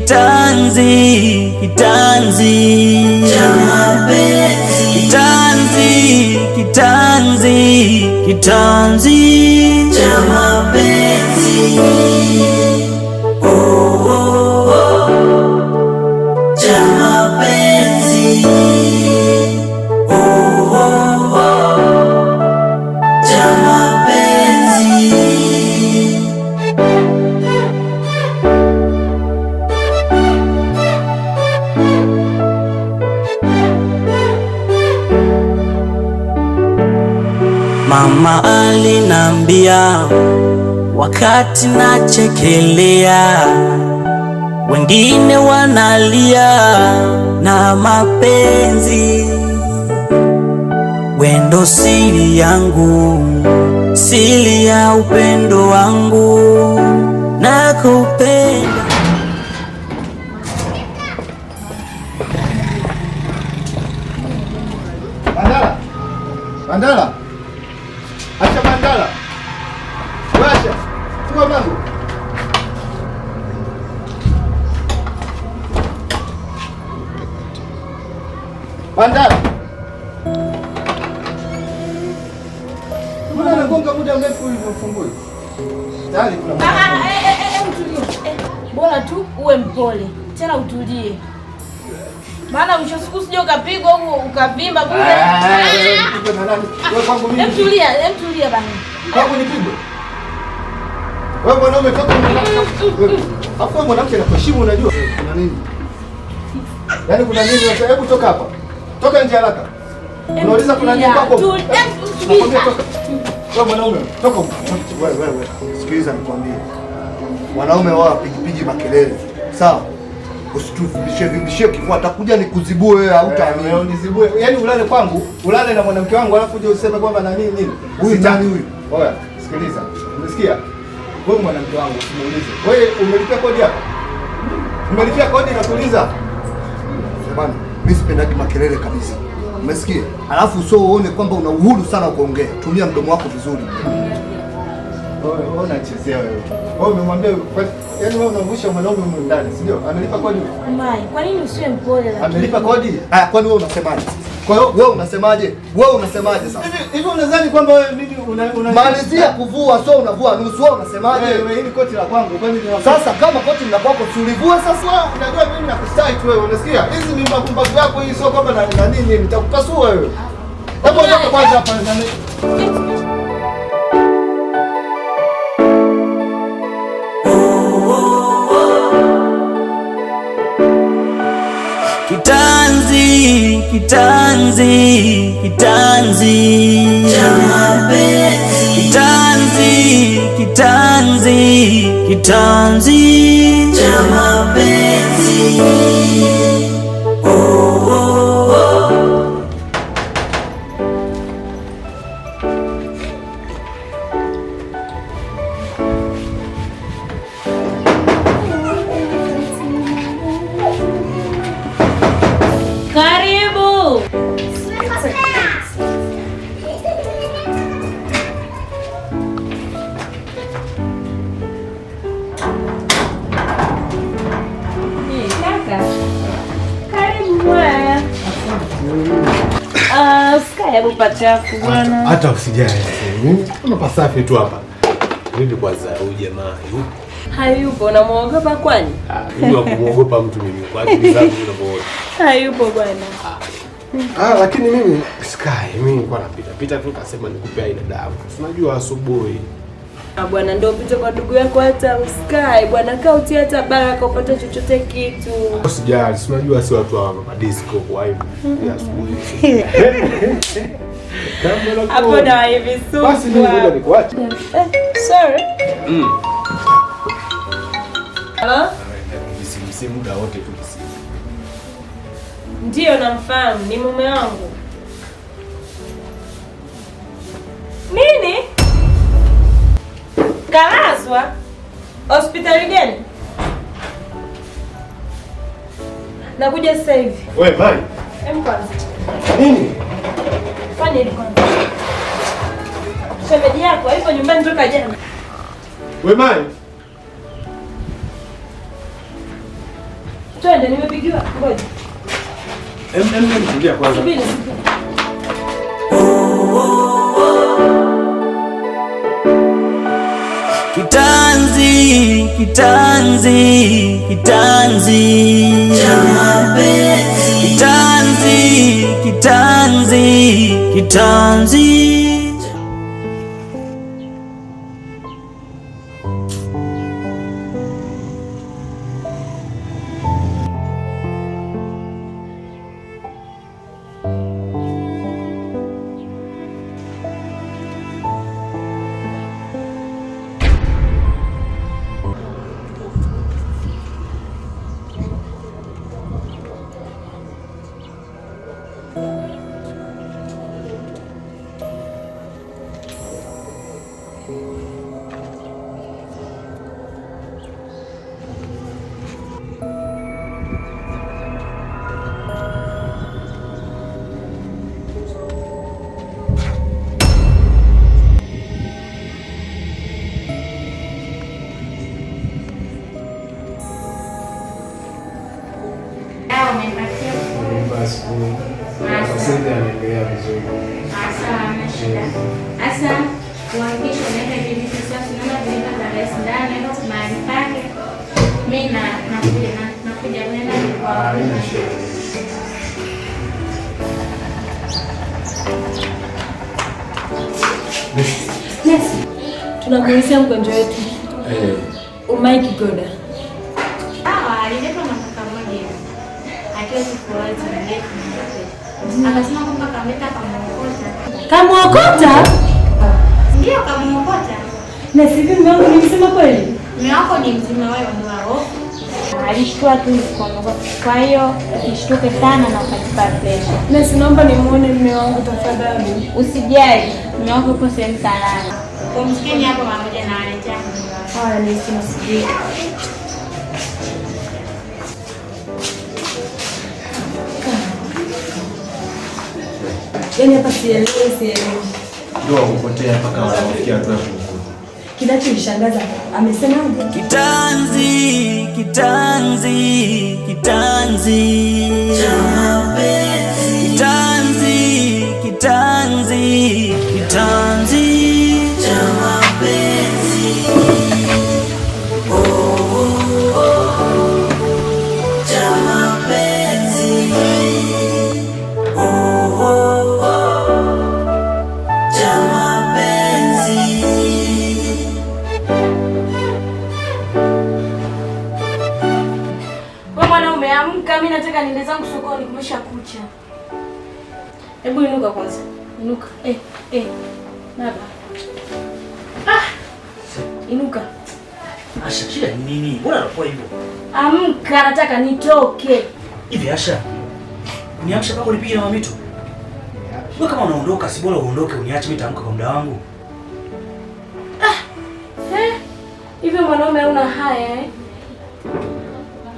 kitanzi kitanzi kitanzi kitanzi kitanzi cha mapenzi oh, oh, oh. cha mapenzi Mama alinambia wakati nachekelea, wengine wanalia na mapenzi, wendo siri yangu, siri ya upendo wangu nakupenda. Mbona nagonga muda mrefu ulivyofunguliwa? Tayari kuna ah, ah, eh, eh, eh, bora tu uwe mpole tena utulie, maana mwisho siku sija ukapigwa huko ukavimba bure. Ah, hebu tulia, hebu tulia bana. Kwangu nipigwe? Wewe mwanaume kaka, afu mwanamke anakuheshimu, unajua kuna nini? Yaani kuna nini? Hebu toka hapa, toka nje haraka. Unauliza kuna nini kwako? sikiliza nikwambie. Wanaume wao wapigipigi makelele. Sawa? Usitufundishe vibishie kifua atakuja nikuzibue wewe hautaamini. Wewe unizibue. Yaani ulale kwangu, ulale na mwanamke wangu alafu uje useme kwamba na nini nini. Huyu nani huyu? Oya, sikiliza. Unasikia? Wewe mwanamke wangu usimuulize. Wewe umelipia kodi hapa? Umelipia kodi na kuuliza? Bwana, mimi sipendaki makelele kabisa. Umesikia? Alafu so uone kwamba una uhuru sana wa kuongea. Tumia mdomo wako vizuri. Wewe unachezea wewe. Wewe umemwambia yaani wewe unavusha mwanaume mwandani, si ndio? Amelipa kodi. Kwa nini usiwe mpole lakini? Amelipa kodi? Haya, kwani wewe unasemaje? Kwa hiyo wewe unasemaje? Wewe unasemaje sasa? Hivi hivi unadhani kwamba wewe mimi una, malizia kuvua sio unavua nusu wewe unasemaje? Eh, wewe hili koti la kwangu kwani ni Sasa kama koti la kwako si ulivua sasa unajua mimi na nakusight wewe unasikia? Hizi ni mbakumbaku yako hii sio kwamba na nini nitakupasua wewe. Ah. Hapo ndio kwanza hapa eh, ndani. Eh, kitanzi, kitanzi, kitanzi cha mapenzi, kitanzi, kitanzi, kitanzi cha mapenzi Ah, Hata usijali, hmm? kuna pasafi tu hapa. Rudi kwanza, huyu jamaa yupo? Hayupo. Unamwogopa kwani? Ah, Kumwogopa mtu mimi hayupo bwana. Ah, ah, lakini mimi Sky, mimi nilikuwa napita pita tu, kasema nikupe aina dawa, unajua asubuhi Ah, bwana ndio pita kwa ndugu yako, hata mskai bwana, kaa uti hata baraka upate chochote kitu. Sijali, si unajua si watu wa madisco kwa hivyo asubuhi hapo na hivi sio. Basi mimi ngoja nikuache. Eh, sorry. Mm. Hello? Si muda wote tu kisi. Ndio namfahamu ni mume wangu. Nini? Haswa hospitali gani? Nakuja sasa hivi. Wewe bali. Hem kwanza. Nini? Fanya hili kwanza. Shemeji yako haipo nyumbani toka jana. Wewe bali. Twende nimepigiwa. Ngoja. Em em em, tulia kwanza. Subiri. Oh, oh. oh. kitanzi, kitanzi, kitanzi cha mapenzi, kitanzi, kitanzi, kitanzi Tunamuulizia mgonjwa wetu eh. Umai Kigoda mm-hmm. kamwokota, ndio kamwokota. Na sivi, mume wangu kweli? Mume ni mzima wewe, ndio alishtua tu mkono. Kwa hiyo usishtuke sana na ukajipa presha. Nesi, naomba nimuone mume wangu tafadhali. Usijali, mume wako uko sehemu salama. Kumskini hapo pamoja na waletea. Haya, nesi, msijali. Yaani hapa sielewi, sielewi. Ndio wakupotea mpaka wanafikia hatua Kinachonishangaza amesema Kitanzi, kitanzi, kitanzi kitanzi, kitanzi, kitanzi kwanza. Inuka. Eh, eh. Naba. Ah. Inuka. Asha, shida ni nini? Mbona unakuwa hivyo? Amka, nataka nitoke. Hivi Asha. Uniamsha mpaka nipige na mamitu. Wewe kama unaondoka si bora uondoke uniache mimi tamka kwa muda wangu. Ah. Eh. Hivi mwanaume una haya eh?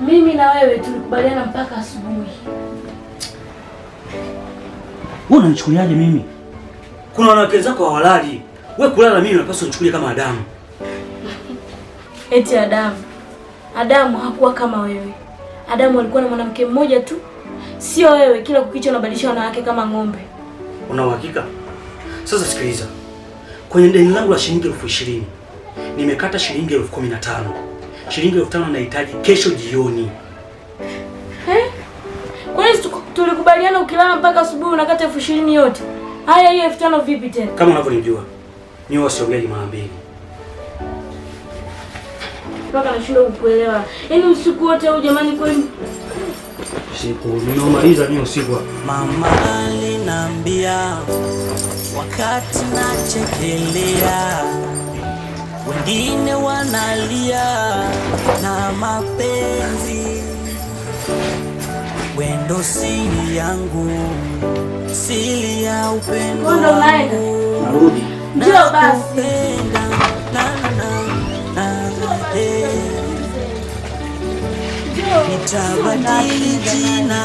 Mimi na wewe tulikubaliana mpaka asubuhi. Wewe unanichukuliaje mimi? Kuna wanawake zako hawalali. Wewe kulala mimi unapaswa unichukulie kama Adamu. Eti Adamu. Adamu hakuwa kama wewe. Adamu alikuwa na mwanamke mmoja tu. Sio wewe, kila kukicha unabadilisha wanawake kama ng'ombe. Una uhakika? Sasa sikiliza. Kwenye deni langu la shilingi elfu ishirini nimekata shilingi elfu kumi na tano. Shilingi elfu tano nahitaji kesho jioni. tumekubaliana ukilala mpaka asubuhi unakata elfu ishirini yote. Haya, hii elfu tano vipi tena? Kama unavyonijua ni wewe, mara mbili mpaka nashindwa kukuelewa. Yaani usiku wote huu jamani, kwani siku ninaomaliza ni usiku. Mama alinambia wakati nachekelea, wengine wanalia na mapenzi Wendo siri yangu, siri ya upendo wangu. Narudi. basi. Eh. Nitabadili jina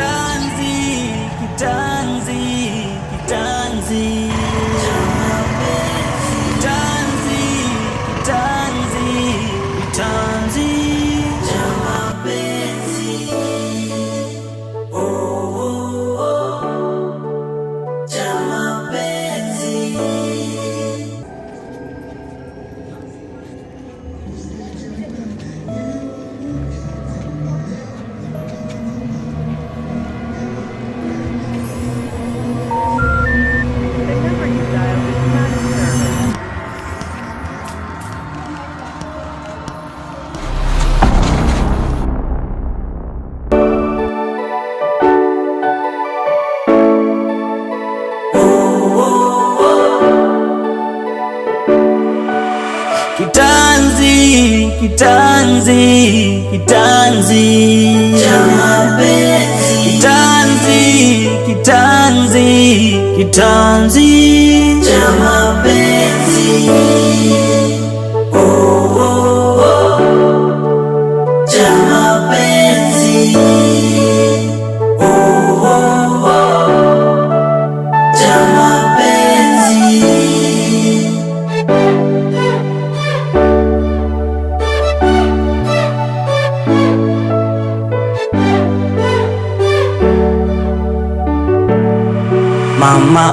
kitanzi kitanzi kitanzi, kitanzi, kitanzi, kitanzi, kitanzi cha mapenzi. Cha mapenzi my